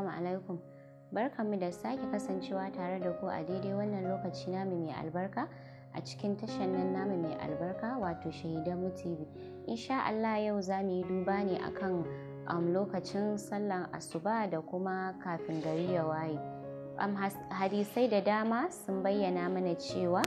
Assalamu alaikum. Barkanmu da sake kasancewa tare da ku a daidai wannan lokaci namu mai albarka a cikin tashan nan namu mai albarka wato Shahidanmu TV. Insha Allah yau za mu yi duba ne akan um, lokacin sallan asuba da kuma kafin gari ya waye. hadisai da dama sun bayyana mana cewa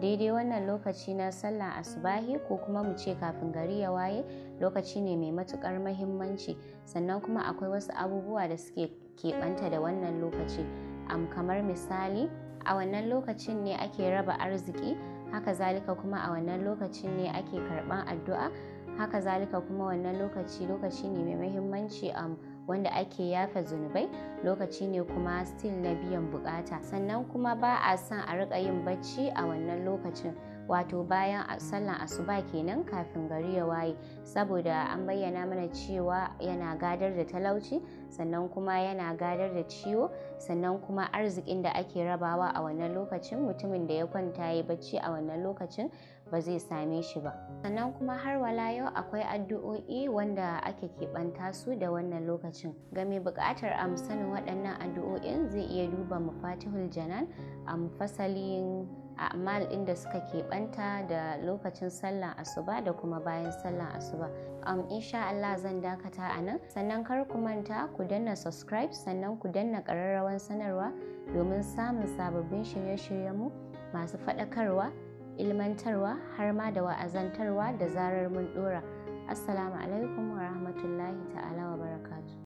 daidai wannan lokaci na sallah asubahi ko kuma mu ce kafin gari ya waye lokaci ne mai matukar mahimmanci sannan kuma akwai wasu abubuwa da suke keɓanta da wannan lokaci am kamar misali a wannan lokacin ne ake raba arziki haka zalika kuma a wannan lokacin ne ake karɓan addu'a haka zalika kuma wannan lokaci lokaci ne mai mahimmanci am wanda ake yafe zunubai lokaci ne kuma still na biyan bukata sannan kuma ba a son a rika yin bacci a wannan lokacin wato bayan sallan asuba kenan kafin gari ya waye saboda an bayyana mana cewa yana gadar da talauci sannan kuma yana gadar da ciwo sannan kuma arzikin da ake rabawa a wannan lokacin mutumin da ya kwanta ya bacci a wannan lokacin ba zai same shi ba sannan kuma har wala yau akwai addu'o'i wanda ake keɓanta su da wannan lokacin ga mai buƙatar amsanin waɗannan addu'o'in zai iya duba mafatihul janan a fasalin a amal ɗin da suka keɓanta da lokacin sallah asuba da kuma bayan sallah asuba um, insha Allah zan dakata a nan sannan kar ku manta ku danna subscribe sannan ku danna ƙararrawan sanarwa domin samun sababbin shirye-shiryenmu masu faɗakarwa ilmantarwa har ma da wa'azantarwa da zarar mun ɗora assalamu alaikum wa rahmatullahi ta'ala wa barakatu